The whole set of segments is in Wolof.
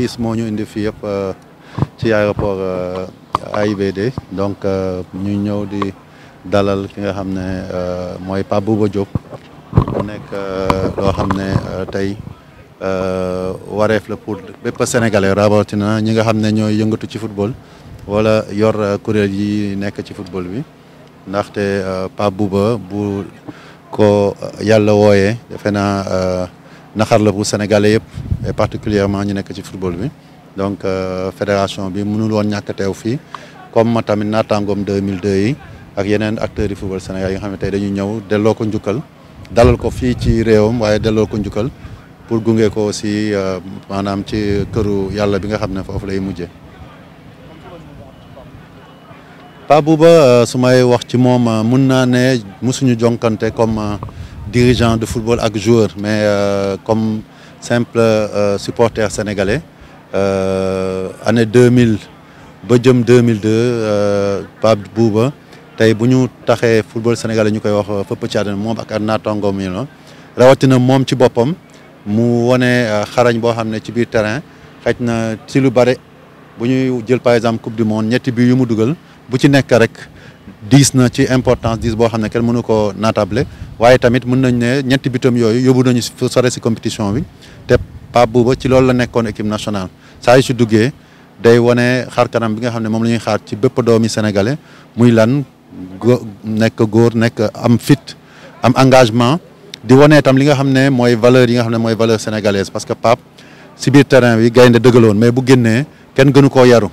tiis moo ñu indi fii yëpp uh, ci aéroport uh, AIBD donc uh, ñu ñëw di dalal ki nga xam ne mooy Pape Bouba jóg mu nekk loo xam ne tey wareef la pour bépp sénégalais rawatina ñi nga xam ne ñooy yëngatu ci football wala yor kuréel yi nekk ci football bi ndaxte Pape Bouba bu ko yàlla wooyee defe naa naxar la bu sénégalais yëpp et particulièrement ñu nekk ci football bi donc euh, fédération bi mënul woon ñàkk teew fii comme ma tamit naataangoom 2002 yi ak yeneen acteurs yi football Sénégal yi nga xam ne tey dañuy ñëw delloo ko njukkal dalal ko fii ci réewam waaye delloo ko njukkal pour gunge ko aussi euh, maanaam ci këru yàlla bi nga xam ne foofu lay mujjee. Pape Bouba euh, su may wax ci moom mun naa ne mosuñu jonkante comme. dirigeant de football ak joueur mais euh, comme simple euh, supporter sénégalais euh, année 2000 ba jëm 2002 euh, Pape Bouba tey bu ñu taxee football sénégalais ñu koy wax fëpp ci àddina moom ak ak naataangoom rawatina moom ci boppam mu wane xarañ boo xam ne ci biir terrain xëj na ci lu bare bu ñuy jël par exemple coupe du monde ñetti bi yu mu dugal bu ci nekk rek diis na ci important diis boo xam ne kenn mënu ko naatable waaye tamit mën nañ ne ñetti bitam yooyu yóbbu nañu fu sore si compétition bi te Pape Bouba ci loolu la nekkoon équipe nationale saa yu si duggee day wane xaar kanam bi nga xam ne moom la ñuy xaar ci bépp doomi sénégalais muy lan nekk góor nekk am fit am engagement di wane tam li nga xam ne mooy valeur yi nga xam ne mooy valeur sénégalaise parce que Pape si biir terrain bi gaynde dëggaloon mais bu génnee kenn gënu koo yaru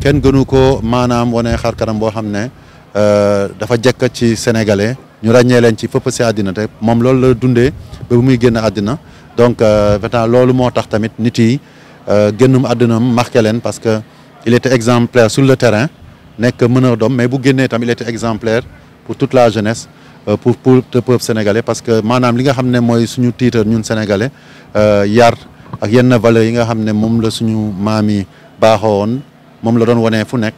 kenn gënu koo maanaam wane xaar kanam boo xam ne Euh, dafa jekk ci sénégalais ñu ràññee leen ci fépp si àddina te moom loolu la dundee ba bu muy génn àddina donc euh, maintenant loolu moo tax tamit nit yi euh, génnum àddina marqué leen parce que il était exemplaire sur le terrain nekk meneur d'hommes mais bu génnee tamit il était exemplaire pour toute la jeunesse pour pour le peuple sénégalais parce que maanaam li nga xam ne mooy suñu titre ñun sénégalais yar ak yenn valeur yi nga xam ne moom la suñu maam yi baaxoo woon moom la doon wanee fu nekk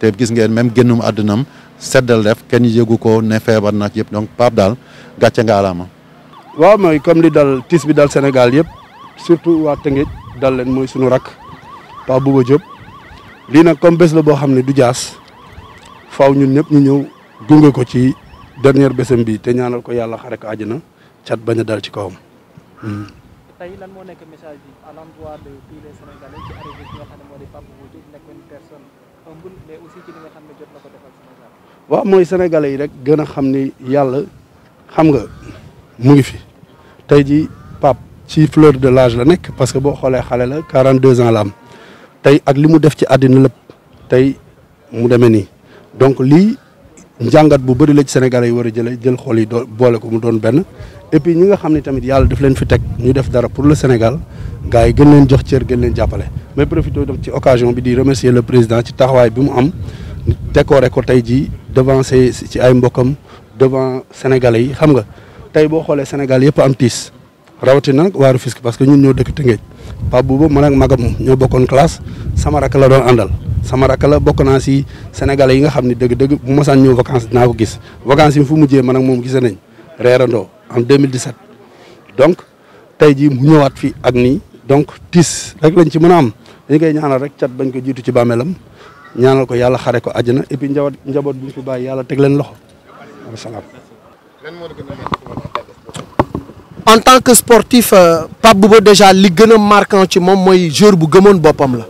te gis ngeen même génnum àddinam seddal def kenn yëgu ko ne feebar nag yëpp donc Pape daal gàcce nga alaama. waaw mooy comme li dal tiis bi dal senegal yëpp surtout waa Tëngéej dal leen mooy sunu rakk Pape Bouba Diop lii nag comme bés la boo xam ne du jaas faaw ñun ñëpp ñu ñëw gunge ko ci dernière bésam bi te ñaanal ko yàlla xare ko àjjana cat bañ dal ci kawam. Hmm. waaw mooy sénégalais yi rek gën a xam ni yàlla xam nga mu ngi fi tey ji Pape ci fleur de lage la nekk parce que boo xoolee xale la quarante deux ans la am tey ak li mu def ci àddina lépp tey mu demee nii donc lii njàngat bu bëri la ci sénégalais yi war jële jël xool yi doo boole ko mu doon benn et puis ñi nga xam ne tamit yàlla daf leen fi teg ñu def dara pour le Sénégal gars gën leen jox cër gën leen jàppale mais profité donc ci occasion bi di remercier le président ci taxawaay bi mu am décoré ko tey jii devant ses ci ay mbokkam devant sénégalais yi xam nga tey boo xoolee Sénégal yëpp am tiis rawatina nag waaru Rufisque parce que ñun ñoo dëkk Tëngéej Pape Bouba man ak magam ñoo bokkoon classe sama rakk la doon àndal sama rakk la bokk naa si sénégalais yi nga xam ne dëgg-dëgg mosaan ñëw vacances naa ko gis vacances yi fu mujjee man ak moom gise nañ reerandoo en 2017 donc tey jii mu ñëwaat fii ak nii donc tiis rek lañ ci mën a am dañ koy ñaanal rek cat bañ ko jiitu ci bàmmeelam ñaanal ko yàlla xare ko àjjana na puis njaboot njaboot bu ñu fi bàyyi yàlla teg leen loxo en tant que sportif euh, Pape Bouba déjà li gën a marquant ci moom mooy joueur bu gëmoon boppam la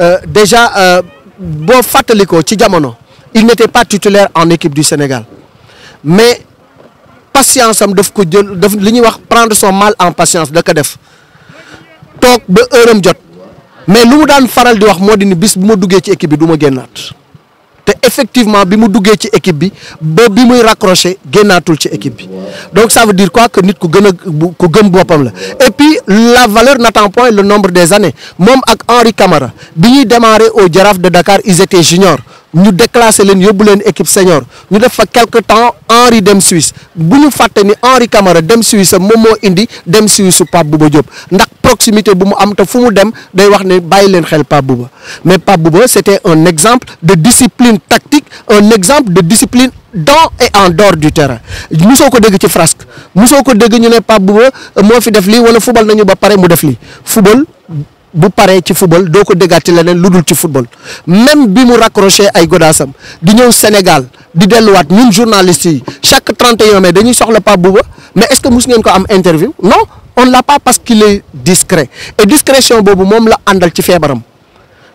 euh, déjà euh, boo fàttalikoo ci jamono il n'était pas titulaire en équipe du Sénégal mais patience am daf ko jël daf li ñuy wax prendre son mal en patience da ko def toog ba heure am jot. mais lu mu daan faral di wax moo di ni bis bu ma duggee ci équipe bi du ma génnaat te effectivement bi mu duggee ci équipe bi ba bi muy raccroché génnaatul ci équipe bi donc ça veut dire quoi que nit ku gën a ku gën boppam la et puis la valeur n'attend point le nombre des années moom ak Henri Camara bi ñuy démarré au Jaraaf de Dakar ils étaient juniors ñu déclassé leen yóbbu leen équipe senior ñu def fa quelque temps Henri dem Suisse bu ñu fàtte ni Henri Camara dem Suisse moom moo indi dem Suisse Pape Bouba Diop ndax proximité bu mu am te fu mu dem day wax ne bàyyi leen xel Pape Bouba mais Pape Bouba c'était un exemple de discipline tactique un exemple de discipline dans et en dor du terrain musoo ko dégg ci frasque musoo ko dégg ñu ne Pape Bouba moo fi def lii wala fubal nañu ba pare mu def lii fubal bu paree ci football doo ko déggaat ci leneen lu dul ci football même bi mu raccroché ay godaasam di ñëw Sénégal di delluwaat ñun journalistes yi chaque 31 mai dañuy soxla Pape Bouba mais est-ce que mus ngeen ko am interview non on l'a pas parce qu'il est discret et discrétion boobu moom la àndal ci feebaram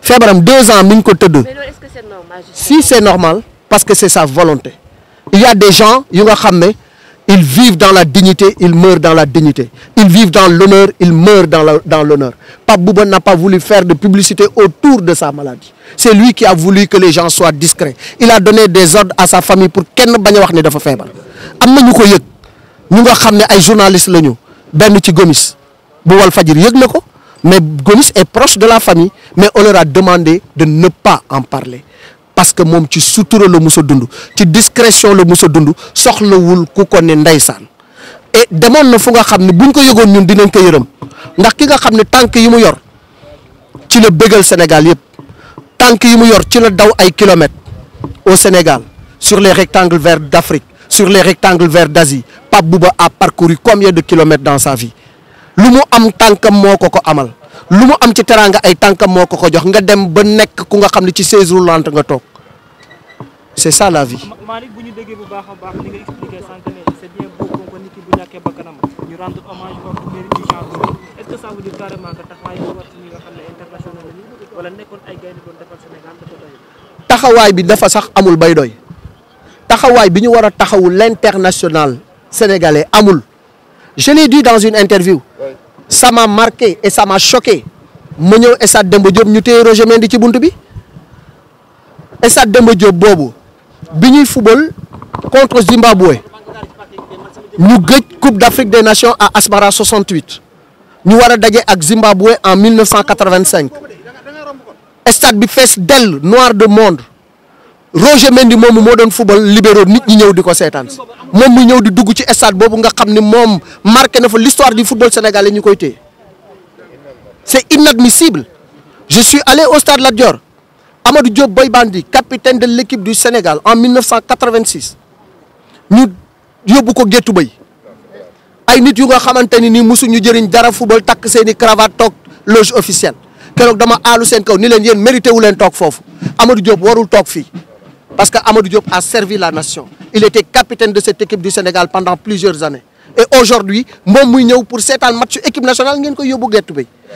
feebaram deux ans mi ngi ko tëdd. mais loolu est si c'est normal parce que c'est sa volonté il y a des gens yu nga xam ne. Ils vivent dans la dignité, ils meurent dans la dignité. Ils vivent dans l'honneur, ils meurent dans l'honneur. Pape Bouba n'a pas voulu faire de publicité autour de sa maladie. C'est lui qui a voulu que les gens soient discrets. Il a donné des ordres à sa famille pour kenn bañ a wax ne dafa feebar. am na ñu ko yëg ñu nga xam ne ay journalistes la ñu benn ci Gomis bu Walfadjri yëg na ko mais Gomis est proche de la famille mais on leur a demandé de ne pas en parler. parce que moom ci sutura la mus a dund ci discrétion la musa a dund soxlawul ku ko ne ndeysaan et na fu nga xam ne buñ ko yëgoon ñun dinañ ko yërëm ndax ki nga xam ne tànk yi mu yor ci la bégal Sénégal yëpp tànk yi mu yor ci la daw ay kilomètres au Sénégal sur les rectangles verts d'Afrique sur les rectangles verts d'Asie Pape ba a parcouru combien de kilomètres dans sa vie lu mu am tànkam moo ko ko amal lu mu am ci teraanga ay tànkam moo ko ko jox nga dem ba nekk ku nga xam ne ci chaise lant nga toog c'est bu ñu déggee bu taxawaay bi dafa sax amul bay doy taxawaay bi ñu war a taxawu l'international sénégalais amul je l'ai dit dans une interview. ça m'a marqué et ça m'a choqué ma ñëw stade Demba Diop ñu téye Roger Mendy ci bunt bi stade Demba boobu bi ñuy football contre Zimbabwe ñu gëj Coupe d'Afrique des Nations à Asmara 68 ñu war a daje ak Zimbabwe en 1985 stade bi fees dell noir de monde Roger Mendy moom moo doon football libéraux nit ñi ñëw di ko seetaan si moom mu ñëw di dugg ci stade boobu nga xam ne moom marqué na fa l'histoire du football sénégalais ñu koy téye c'est inadmissible je suis allé au stade Lat Dior Amadou Diop Boy Bandi capitaine de l'équipe du Sénégal en 1986 ñu yóbbu ko Géttu Bay ay nit yu nga xamante ni nii mosuñu jëriñ dara football takk seen i toog loge officielle keroog dama aalu seen kaw ni leen yéen mérité wu leen toog foofu Amadou Diop warul toog fii. Parce que qu'Amadou Diop a servi la nation. Il était capitaine de cette équipe du Sénégal pendant plusieurs années. Et aujourd'hui, mon Mouignou pour cet match équipe nationale,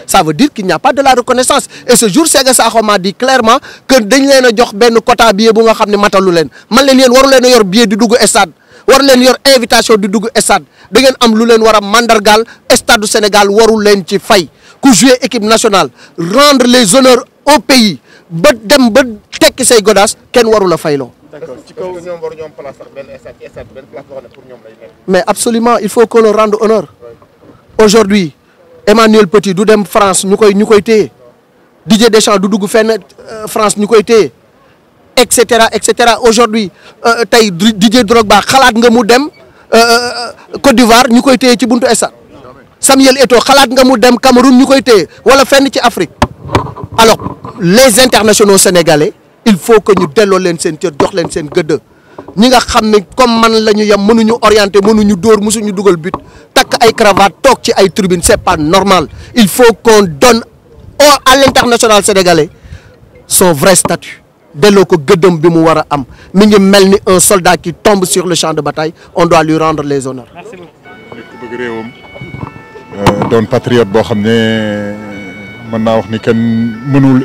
ça veut dire qu'il n'y a pas de la reconnaissance. Et ce jour, Sega Sakho m'a dit clairement que nous avons un quota billet pour nous faire des matins. Nous avons un billet du Dougou Essad. war leen yor invitation di dugg stade da ngeen am lu leen war a mandargaal stade du Sénégal warul leen ci fay ku jouer équipe nationale les honneurs au pays ba dem ba tekki say godaas kenn warul a fayloo. d'accord ci ñoom waruñu am place sax benn stade stade benn place boo xam ne pour ñoom lay nekk. mais absolument il faut qu'on leur rende honneur. aujourd'hui Emmanuel Petit du dem France ñu koy ñu koy téye Didier Deschamps du dugg fenn euh, France ñu koy téye et cetera et cetera aujourd'hui euh, tey Didier Drogba xalaat nga mu dem euh, Côte d'Ivoire ñu koy téye ci buntu stade Samuel Eto'o xalaat nga mu dem Cameroun ñu koy téye wala fenn ci Afrique. alors les internationaux sénégalais il faut que ñu delloo leen seen cër jox leen seen gëdd ñi nga xam ne comme man la ñu yem mënuñu orienté mënuñu dóor mësuñu dugal but takk ay cravate toog ci ay tribune c'est pas normal il faut qu'on donne au à l'international sénégalais son vrai statut delloo ko gëddëm bi mu war a am mi ngi mel ni un soldat qui tombe sur le champ de bataille on doit lui rendre les honneurs. merci beaucoup. Euh, boo xam ne. mën naa wax ni kenn mënul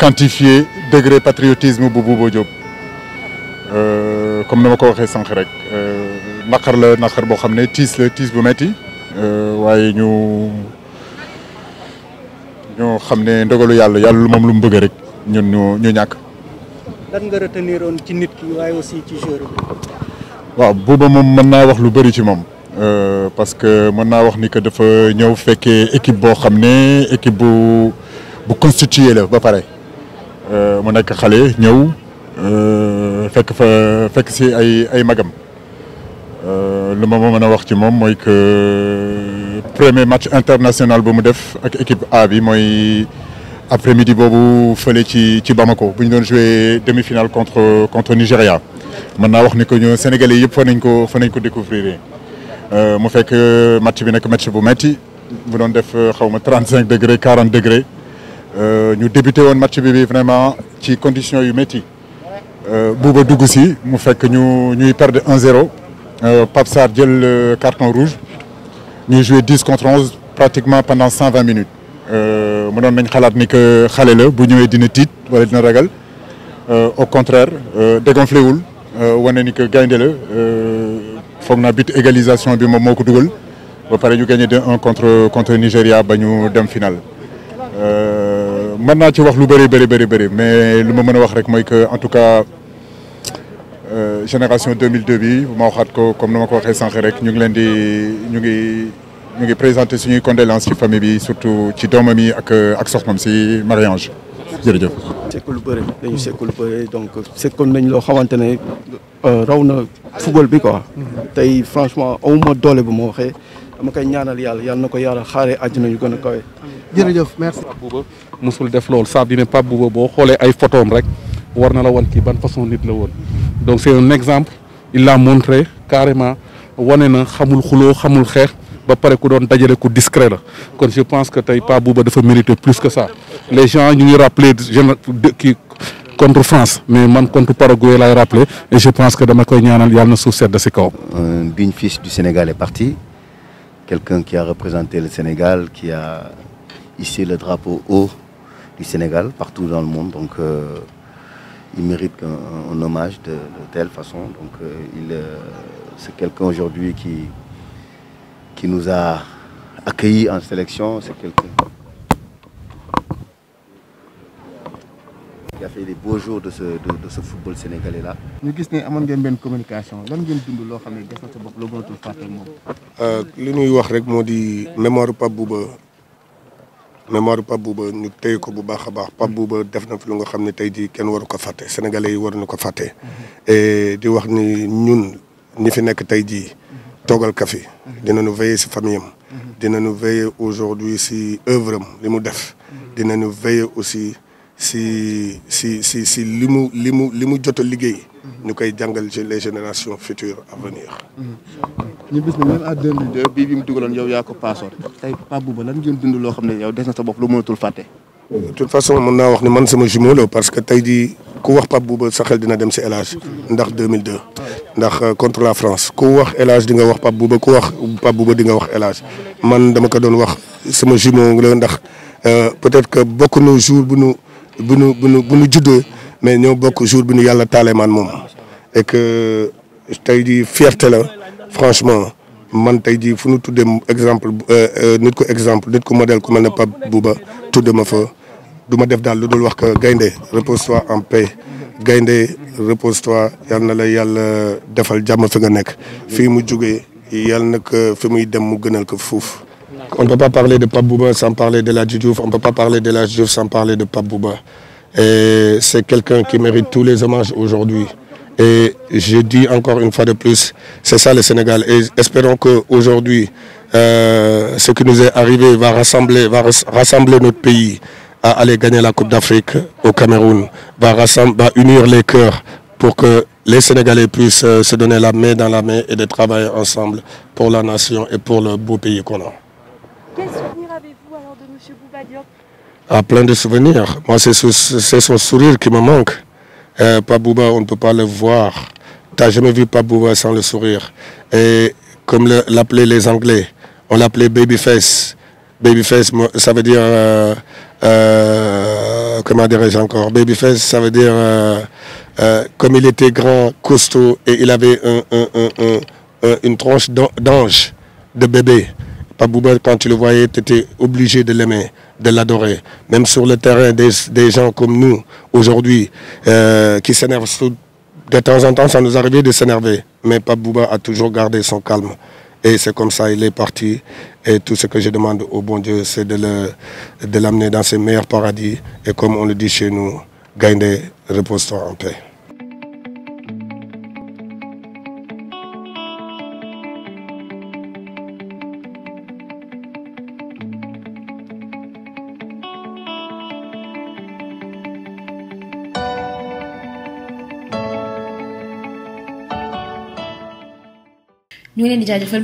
quantifier degré patriotisme bu Bouba Diop euh, comme na ma ko waxee sànq rek euh, naqar la naqar boo xam ne tiis la tiis bu metti euh, waaye ñu ñoo xam ne ndogalu yàlla yàlla lu moom lu mu bëgg rek ñun ñu ñu ñàkk. lan nga ci nit waaw Bouba moom mën naa wax lu bari ci moom. Euh, parce que mën naa wax ni que dafa ñëw fekkee équipe boo xam ne équipe bu bu constituée la ba pare euh, mu nekk xale ñëw euh, fekk fa fekk si ay ay magam lu ma mën a wax ci moom mooy que premier match international bu mu def ak équipe A bi mooy après midi boobu fële ci ci Bamako bu ñu doon jouer demi-finale contre contre Nigéria naa wax ni que ñu Sénégalais yëpp fa nañ ko fa nañ ko découvrir Euh, mu fekk euh, match bi nekk match bu metti mu doon def euh, xaw ma trente cinq degré quarante degré ñu débuté woon match bi bi vraiment ci condition yu métti buuba dugg si mu fekk ñu ñuy perdre un zéro Pape Sarr jël carton rouge ñuy joué dix contre onze pratiquement pendant cent vingt minutes mu doon nañ xalaat ni que xale la bu ñëwee dina tiit wala dina ragal au contraire dégonflé wul wane ni foog naa but égalisation bi moom moo ko dugal ba pare ñu gagné de 1 contre contre Nigéria ba ñu dem final. Euh, mën naa ci wax lu bëri bëri bëri bëri mais lu ma mën a wax rek mooy que en tout cas euh, génération 2002 bi ma waxaat ko comme ni ma ko waxee sànq rek ñu ngi leen di ñu ngi ñu ngi présenté suñuy condoléances ci famille bi surtout ci doomam yi ak ak soxnam si mariage jërëjëf. a lu bëri dañu sekk lu bëri donc sekkoon nañ loo xamante ne euh, raw na football bi quoi. tey franchement awuma doole bu ma waxee dama koy ñaanal yàlla yàlla na ko yàlla xaaree àjjana yu gën a kawe. jërëjëf merci. Pape Bouba mosul def loolu saa bi ne Pape Bouba boo xoolee ay photoom rek war na la wan kii ban façon nit la woon donc c'est un exemple il l'a montré carrément wane na xamul xuloo xamul xeex. ba pare ku doon dajale ku discret la kon je pense que tey Pape Bouba dafa mérité plus que ça les gens ñu ngi rappelé kii contre France mais man contre Paraguay laay rappelé et je pense que dama koy ñaanal yàlla na suuf sedd si kaw. un digne fils du Sénégal est parti quelqu'un qui a représenté le Sénégal qui a hissé le drapeau haut du Sénégal partout dans le monde donc. Euh... il mérite un, hommage de, de, telle façon. Donc, euh, il, euh, c'est quelqu'un aujourd'hui qui, qui nous a en sélection. C'est quelqu'un qui a de ce de, de ce football sénégalais là. gis ne amoon ngeen benn communication lan ngeen loo xam ne def na sa bopp loo mënatul fàtte moom. Euh, li ñuy wax rek moo di mémoire Pape Bouba mémoire Pape Bouba ñu tey ko bu baax a baax Pape Bouba def na fi lu nga xam ne tey jii kenn waru ko fàtte sénégalais yi waruñu ko fàtte. Mhm. di wax ni ñun ñi fi nekk tey jii. toogal kafi dinañu veiller si famille am dinañu veiller aujourd'hui si œuvre li mu def dina nu veiller aussi si si si si li mu li mu li mu jot liggéey ñu koy jàngal les génération futures à venir ñu bis ne même à 2002 bii bi mu dugaloon yow yaa ko paasoon tey Pape Bouba lan ngeen dund loo xam ne yow des na sa bopp lu mënatul fàtte de toute façon mën naa wax ne man sama jumeau parce que tey jii ku wax Pape Bouba sa xel dina dem si El Hadj ndax 2002 ndax euh, contre la France ku wax élage Hadj nga wax Pape Bouba ku wax Pape Bouba di nga wax élage man dama ko doon wax sama jumeau la ndax euh, peut-être que bokk na jour bu nu bu nu bu nu bu nu juddoo mais ñoo bokk jour bi nu yàlla taalee man moom et que euh, tey jii fierté la franchement man tey jii fu nu tuddee exemple nit ko exemple nit ko modèle ku mel ne Pape Bouba tudd ma fa. du ma def daal lu dul wax que gaynde repose-toi en paix gaynde repose-toi yal na la yàlla defal jàmm fi nga nekk fii mu jugee yal na fi muy dem mu gënal ko fuuf. on ne peut pas parler de Pape Bouba sans parler de la Hadji Diouf on ne peut pas parler de El Hadji Diouf sans parler de Pape Bouba et c'est quelqu'un qui mérite tous les hommages aujourd'hui et je dis encore une fois de plus c'est ça le Sénégal et espérons que aujourd'hui euh, ce qui nous est arrivé va rassembler va rassembler notre pays à aller gagner la Coupe d'Afrique au Cameroun va, unir les cœurs pour que les Sénégalais puissent euh, se donner la main dans la main et de travailler ensemble pour la nation et pour le beau pays qu'on de M. Bouba Diop ah, Plein de souvenirs. Moi, c'est son sourire qui me manque. Euh, Pabouba, on ne peut pas le voir. Tu jamais vu Pabouba sans le sourire. Et comme l'appelaient le, les Anglais, on l'appelait Babyface. Babyface, ça veut dire... Euh, euh, comment dirais-je encore, Babyface, ça veut dire, euh, euh, comme il était grand, costaud, et il avait un, un, un, une tranche d'ange, de bébé. Bouba, quand tu le voyais, tu étais obligé de l'aimer, de l'adorer. Même sur le terrain, des, des gens comme nous, aujourd'hui, euh, qui s'énervent. De temps en temps, ça nous arrivait de s'énerver. Mais Bouba a toujours gardé son calme. Et c'est comme ça, il est parti. Et tout ce que je demande au bon Dieu, c'est de l'amener dans ses meilleurs paradis. Et comme on le dit chez nous, Gaïndé, repose-toi en paix. ñu ngi leen di jaajëfal